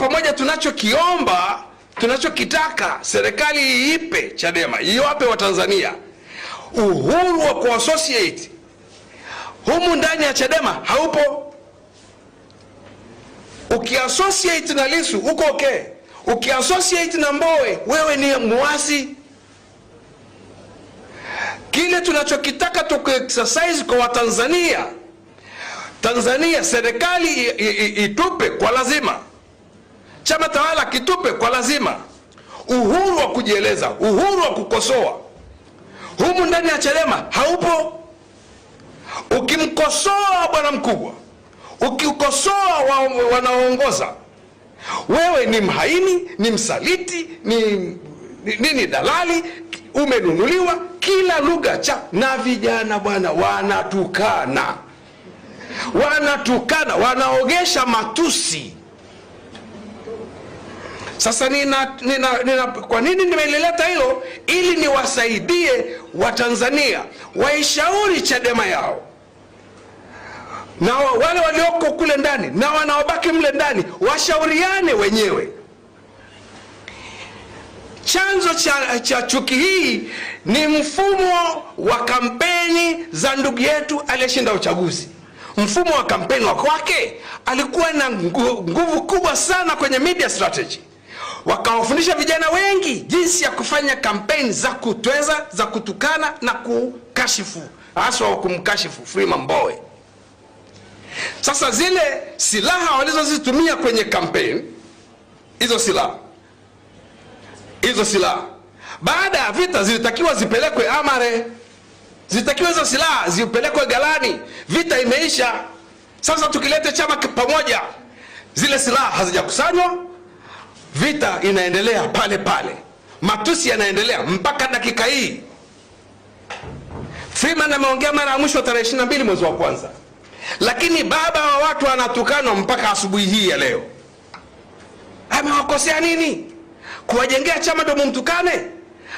pamoja tunachokiomba, tunachokitaka serikali iipe Chadema, iwape Watanzania uhuru wa kuassociate humu ndani ya Chadema haupo. Ukiassociate na Lisu uko okay, ukiassociate na Mbowe wewe ni muasi. Kile tunachokitaka tuku exercise kwa Watanzania, Tanzania serikali itupe kwa lazima chama tawala kitupe kwa lazima uhuru wa kujieleza, uhuru wa kukosoa. Humu ndani ya Chadema haupo. Ukimkosoa bwana mkubwa, ukikosoa wa, wanaoongoza, wewe ni mhaini, ni msaliti, ni nini, ni dalali, umenunuliwa, kila lugha cha na vijana bwana wanatukana, wanatukana, wanaogesha matusi sasa nina, nina, nina, kwa nini nimelileta hilo? Ili niwasaidie Watanzania waishauri Chadema yao na wale walioko kule ndani na wanaobaki mle ndani washauriane wenyewe. Chanzo cha, cha chuki hii ni mfumo wa kampeni za ndugu yetu aliyeshinda uchaguzi. Mfumo wa kampeni wa kwake alikuwa na nguvu kubwa sana kwenye media strategy wakawafundisha vijana wengi jinsi ya kufanya kampeni za kutweza, za kutukana na kukashifu, haswa wa kumkashifu Freeman Mbowe. Sasa zile silaha walizozitumia kwenye kampeni hizo, silaha hizo silaha baada ya vita zilitakiwa zipelekwe Amare, zilitakiwa hizo silaha zipelekwe Galani. Vita imeisha. Sasa tukilete chama pamoja, zile silaha hazijakusanywa Vita inaendelea pale pale, matusi yanaendelea mpaka dakika hii. Freeman ameongea mara ya mwisho tarehe 22 mwezi wa kwanza, lakini baba wa watu anatukanwa mpaka asubuhi hii ya leo. Amewakosea nini? Kuwajengea chama ndo mumtukane?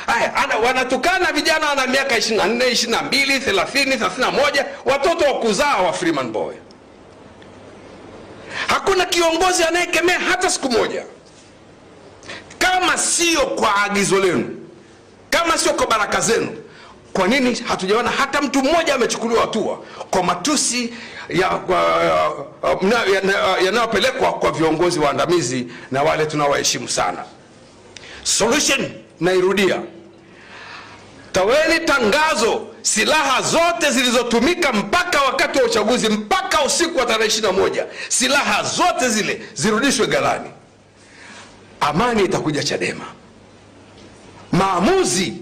Aya, wanatukana vijana wana miaka 24, 22, 30, 31, watoto wa kuzaa wa Freeman Boy. Hakuna kiongozi anayekemea hata siku moja kama sio kwa agizo lenu, kama sio kwa baraka zenu, kwa nini hatujaona hata mtu mmoja amechukuliwa hatua kwa matusi uh, uh, yanayopelekwa ya, ya, ya kwa viongozi waandamizi na wale tunaowaheshimu sana? Solution nairudia, taweni tangazo, silaha zote zilizotumika mpaka wakati wa uchaguzi mpaka usiku wa tarehe 21, silaha zote zile zirudishwe galani amani itakuja Chadema. Maamuzi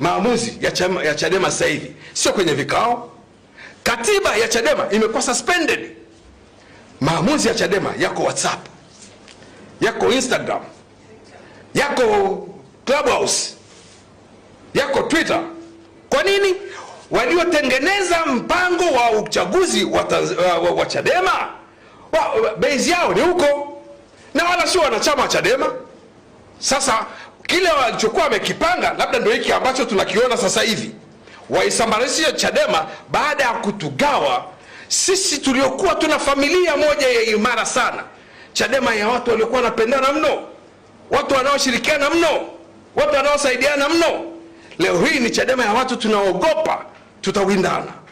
maamuzi ya, chama, ya Chadema sasa hivi sio kwenye vikao. Katiba ya Chadema imekuwa suspended. Maamuzi ya Chadema yako WhatsApp, yako Instagram, yako Clubhouse, yako Twitter. Kwa nini? Waliotengeneza mpango wa uchaguzi wa, wa, wa Chadema wa, base yao ni huko na wala sio wanachama wa Chadema. Sasa kile walichokuwa wamekipanga labda ndio hiki ambacho tunakiona sasa hivi, waisambaratishe Chadema baada ya kutugawa sisi tuliokuwa tuna familia moja ya imara sana, Chadema ya watu waliokuwa wanapendana mno, watu wanaoshirikiana mno, watu wanaosaidiana mno. Leo hii ni Chadema ya watu tunaogopa tutawindana.